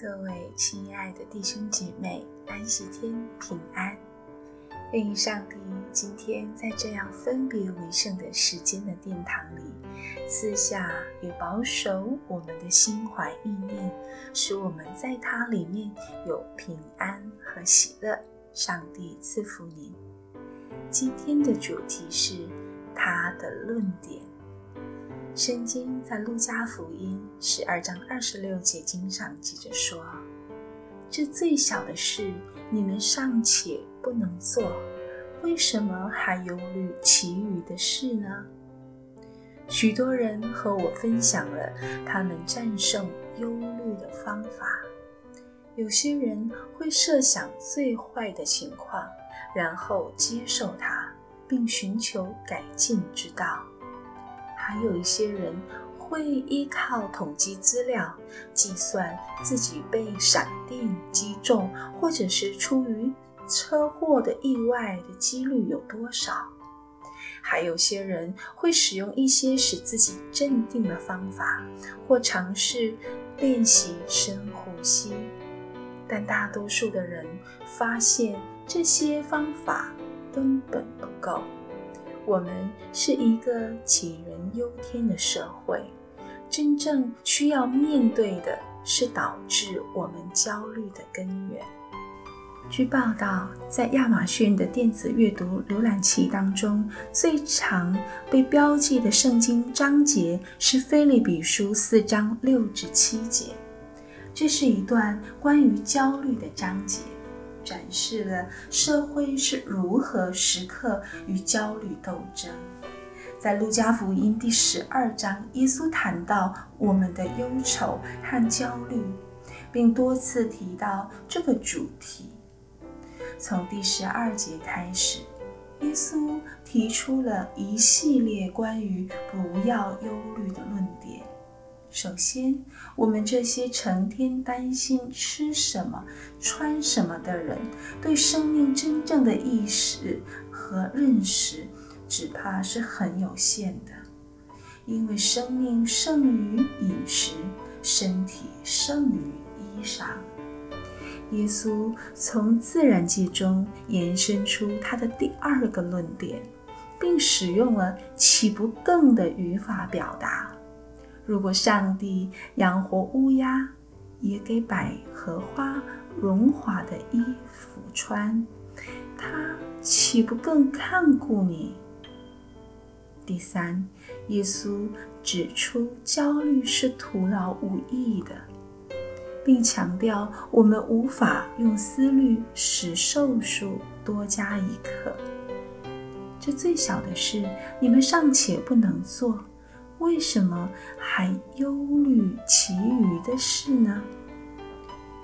各位親愛的弟兄姐妹，安息天平安。願上帝今天在這樣分別為聖的時間的殿堂裡，賜下與保守我們的心懷意念，使我們在他裡面有平安和喜樂。上帝賜福您。今天的主題是他的論點。《聖經》在《路加福音》十二章二十六節經上記着說：“這最小的事你們尚且不能做，為什麼還憂慮其餘的事呢？”許多人和我分享了他們戰勝憂慮的方法。有些人會設想最壞的情況，然後接受它，並尋求改進之道。還有一些人會依靠統計資料計算自己被閃電擊中，或者是出於車禍的意外的幾率有多少。還有些人會使用一些使自己鎮定的方法，或嘗試練習深呼吸。但大多數的人發現這些方法根本不夠。我們是一個杞人憂天的社會，真正需要面對的是導致我們焦慮的根源。據報道，在亞馬遜的電子閱讀瀏覽器當中，最常被標記的聖經章節是《腓立比書》四章六至七節，這是一段關於焦慮的章節。展示了社會是如何時刻與焦慮鬥爭。在《路加福音》第十二章，耶穌談到我們的憂愁和焦慮，並多次提到這個主題。從第十二節開始，耶穌提出了一系列關於不要憂慮的論點。首先，我們這些成天擔心吃什麼、穿什麼的人，對生命真正的意識和認識，只怕是很有限的。因為生命勝於飲食，身體勝於衣裳。耶穌從自然界中延伸出他的第二個論點，並使用了“豈不更”的語法表達。如果上帝養活烏鴉，也給百合花榮華的衣服穿，他豈不更看顧你？第三，耶穌指出焦慮是徒勞無益的，並強調我們無法用思慮使壽數多加一刻。這最小的事，你們尚且不能做。為什麼還憂慮其餘的事呢？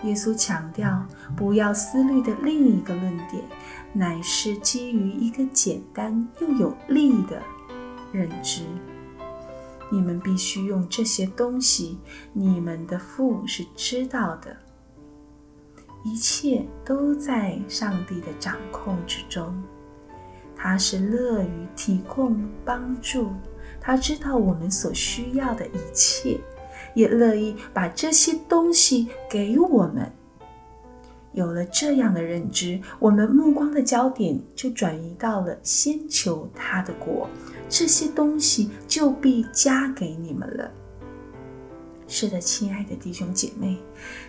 耶穌強調不要思慮的另一個論點，乃是基於一個簡單又有力的認知：你們必須用這些東西。你們的父是知道的，一切都在上帝的掌控之中，他是樂於提供幫助。他知道我們所需要的一切，也樂意把這些東西給我們。有了這樣的認知，我們目光的焦點就轉移到了先求他的國，這些東西就必加給你們了。是的，親愛的弟兄姐妹，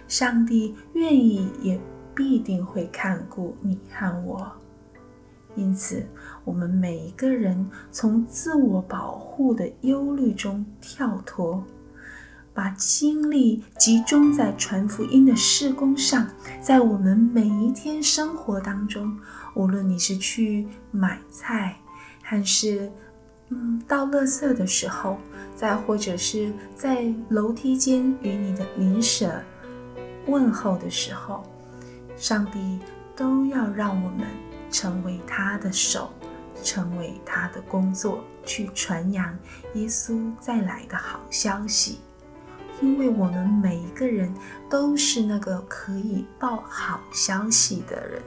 上帝願意也必定會看顧你和我。因此，我們每一個人從自我保護的憂慮中跳脫，把精力集中在傳福音的事工上。在我們每一天生活當中，無論你是去買菜，還是嗯，倒垃圾的時候，再或者是在樓梯間與你的鄰舍問候的時候，上帝都要讓我們。成為他的手，成為他的工作，去傳揚耶穌再來的好消息。因為我們每一個人都是那個可以報好消息的人，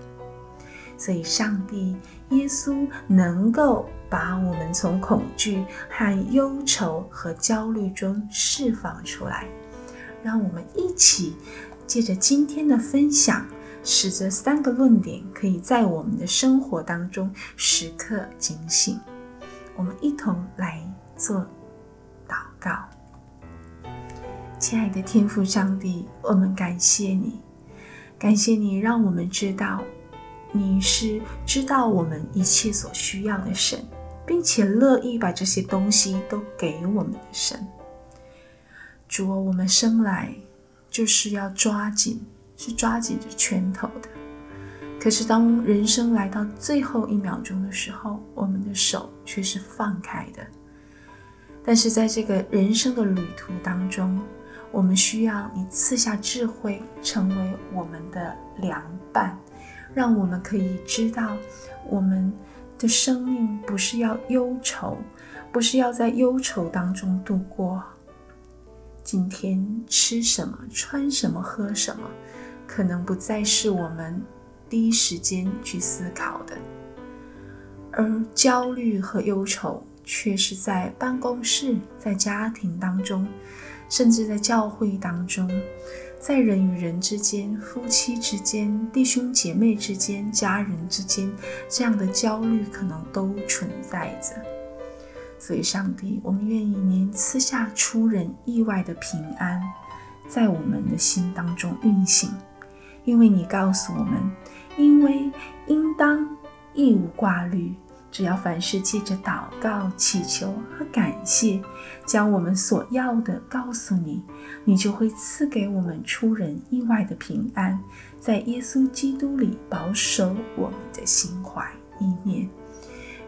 所以上帝耶穌能夠把我們從恐懼和憂愁和焦慮中釋放出來。讓我們一起借着今天的分享，使這三個論點可以在我們的生活當中時刻警醒。我們一同來做禱告。親愛的天父上帝，我們感謝你，感謝你讓我們知道你是知道我們一切所需要的神，並且樂意把這些東西都給我們的神。主啊，我，我們生來就是要抓緊。是抓緊着拳頭的，可是當人生來到最後一秒鐘的時候，我們的手卻是放開的。但是在這個人生的旅途當中，我們需要你賜下智慧，成為我們的良伴，讓我們可以知道，我們的生命不是要憂愁，不是要在憂愁當中度過。今天吃什麼、穿什麼、喝什麼？可能不再是我們第一時間去思考的，而焦慮和憂愁卻是在辦公室、在家庭當中，甚至在教會當中，在人與人之間、夫妻之間、弟兄姐妹之間、家人之間，這樣的焦慮可能都存在着。所以上帝，我們願意您賜下出人意外的平安，在我們的心當中運行。因為你告訴我們，因為應當一無掛慮，只要凡事借着禱告、祈求和感謝，將我們所要的告訴你，你就會賜給我們出人意外的平安，在耶穌基督裡保守我們的心懷意念。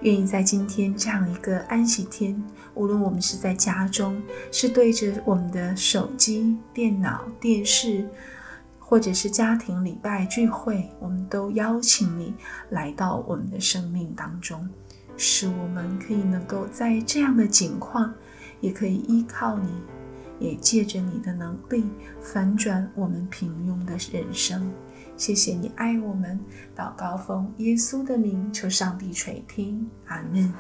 願意在今天這樣一個安息天，無論我們是在家中，是對着我們的手機、電腦、電視。或者是家庭禮拜聚會，我們都邀請你來到我們的生命當中，使我們可以能夠在這樣的境況，也可以依靠你，也借着你的能力反轉我們平庸的人生。謝謝你愛我們，禱告奉，耶穌的名，求上帝垂聽，阿門。